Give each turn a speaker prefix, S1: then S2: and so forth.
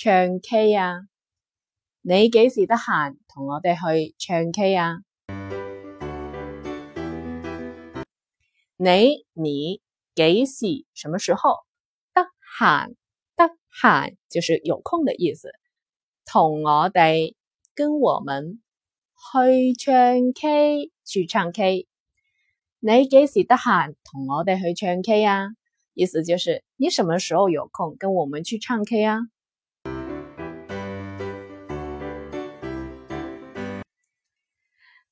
S1: 唱 K 啊！你幾時得閒同我哋去唱 K 啊？你你幾時什麼時候得閒得閒就是有空的意思，同我哋跟我們去唱 K 去唱 K。你幾時得閒同我哋去唱 K 啊？意思就是你什麼時候有空跟我們去唱 K 啊？